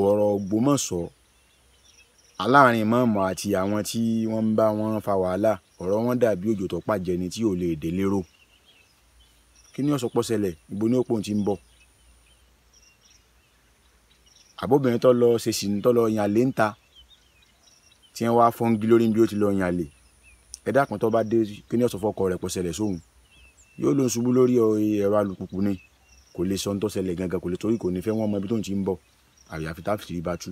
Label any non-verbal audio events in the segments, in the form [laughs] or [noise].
ọ̀rọ̀ Ògbómọ̀ṣọ́ aláàárín mọ́ọ̀mù àti àwọn tí wọ́n ń bá wọn fa wàhálà ọ̀rọ̀ wọn dàbí òjò tó pàjẹ́ ni tí ò lè dé lérò kí ni ọ̀sọ́ pọ̀ ṣẹlẹ̀ ibo ni òpó ti ń bọ̀ àbóbìnrin tó lọ ṣe sì ń tó lọ yàn lé ń ta tí wọ́n wá fọ́ngi lórí bí ó ti lọ yàn lè ẹ dákun tó bá dé kí ni ọ̀sọ́ fọkọ rẹ̀ pọ̀ ṣẹlẹ̀ sóhun yóò ló ń ṣubú lórí ẹ̀rọ alùpùpù ni kò lè sọ ń tó ṣẹlẹ̀ gangan kò lè torí kò ní fẹ́ wọ́n mọ ibi tó ń ti ń bọ̀ àyàfi tá a fi bá tú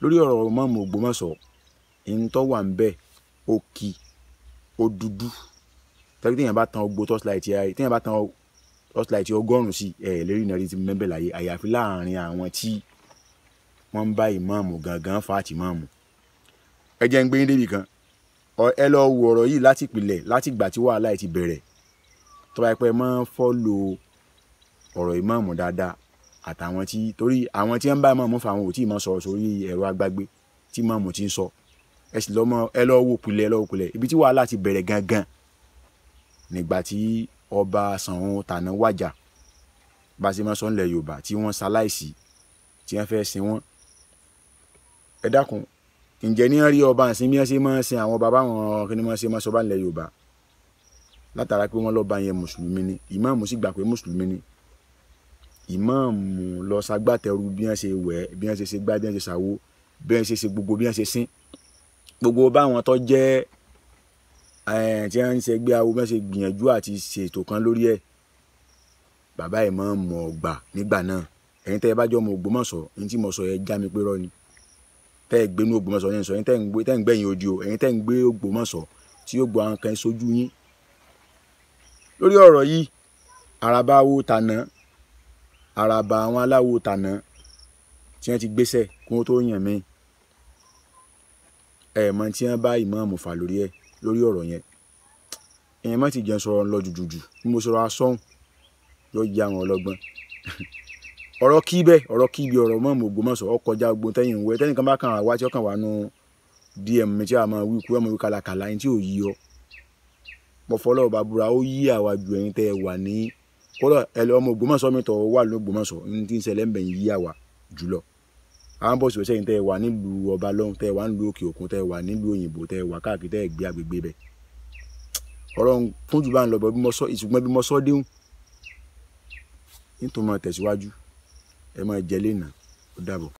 lórí ọ̀rọ̀ mọ́mú Ògbómọ̀ṣọ́ ìntọ́ wà ń bẹ́ẹ̀ ó kì í ó dúdú tẹ́lẹ̀ téèyàn bá tan ogbó tọ́sílàìtì ayé téèyàn bá tan tọ́sílàìtì ọgọ́rùn-ún sí ẹ̀ lérí ìnáwó ti mẹ́bẹ̀ láyé àyàfi láàrin àwọn tí wọ́n ń bá ìmáàmù gangan fàtì máàmù ẹ jẹ́ ń gbé yín débi kan ẹ lọ wo ọ̀rọ̀ yìí láti ìpìlẹ̀ láti ìgbà tí wàhálà yìí ti bẹ̀rẹ̀ tó bá yẹ máa ń fọ́lò ọ̀rọ̀ ìmáàmù dáadáa àtàwọn tí torí àwọn tí ń bá mọ̀ mọ́ fáwọn ò tí ì mọ̀ sọ̀rọ̀ sórí ẹ̀rọ agbágbé tí mọ̀ mọ̀ ti ń sọ ẹ sì lọ́mọ ẹ lọ́ọ́ wò kulẹ̀ ẹ lọ́ọ́ wò kulẹ̀ ibi tí wàhálà ti bẹ̀rẹ̀ gangan nígbà tí ọba Ṣàngó tàná wàjà bá a ṣe máa sọ nílẹ̀ Yorùbá tí wọ́n ṣaláìsí tí wọ́n fẹ́ sin wọ́n ẹ dákun ǹjẹ́ ní rí ọba àsìn bí wọ́n ṣe máa sin àwọn bàbá wọn kí ni wọ́n ṣe máa sọ bá nílẹ̀ Yorùbá látara pé wọ́n lọ́ọ́ bá yẹn mùsùlùmí ni ìmáàmù sì gbà pé mùsùlùmí ni ìmáàmù lọ ṣagbátẹrù bí wọ́n ṣe wẹ̀ bí wọ́n ṣe ṣe gbá bí wọ́n ṣe ṣàwo bí wọ́n ṣe ṣe gbogbo bí wọ́n ṣe sín gbogbo báwọn tó jẹ́ tí wọ́n ń ṣe gbé awo bí wọ́n ṣe gbìyànjú àti ṣètò kan lórí ẹ̀ bàbá ìmáàmù ọgbà nígbà náà ẹ̀yin tẹ́ ẹ bá jọ ọmọ Ògbómọ̀ṣọ́ ní tí mo sọ ẹ já mi pé rọ́ ni tẹ́ ẹ gbé ní Ògbómọ̀ṣọ́ yẹn sọ ẹ̀yin tẹ́ ń gbẹ̀yìn odi o ẹ̀yin tẹ́ àràbà àwọn aláwo tàná tí wọ́n ti gbéṣẹ́ kí wọ́n tó yàn mí ẹ̀ẹ̀mọ tí wọ́n bá ìmáàmù fà lórí ẹ̀ lórí ọ̀rọ̀ yẹn èèyàn má ti jẹun sọ̀rọ̀ lọ jùjùjù bí mo sọ̀rọ̀ asọ́hùn yóò jẹ́ àwọn ọlọ́gbọ́n [laughs] ọ̀rọ̀ kí bẹ́ẹ̀ ọ̀rọ̀ kí ibi ọ̀rọ̀ mọ́ Ògbómọ̀ṣọ́ ọkọjá ogun tẹ́yìn wẹ́ tẹ́nìkan bá kàn wá tí ọkàn wà nù dm mi tí a máa wí kú ọmọ wí kàlàkàlà yín tí ò yí ọ pọ̀fọ́lọ́ bàbúrà ó yí àwa ju ẹ̀yin ẹ wà ní kódà ẹlẹ ọmọ Ògbómọ̀ṣọ́ mi tọ wà lÓgbómọ̀ṣọ́ ní ti ń ṣẹlẹ̀ ń bẹ ń yíyà wá jùlọ àwọn bọ̀sì òṣèyìn tẹ́ ẹ wà nílùú ọba lọ́hún tẹ́ ẹ wà nílùú òkè òkun tẹ́ ẹ wà nílùú òyìnbó tẹ́ ẹ wà káàkiri tẹ́ ẹ gbé agbègbè bẹ̀ ọ̀rọ̀ fún jù bá ń lọ bọ̀ ìṣùgbọ́n bí mo sọ déhùn nítorí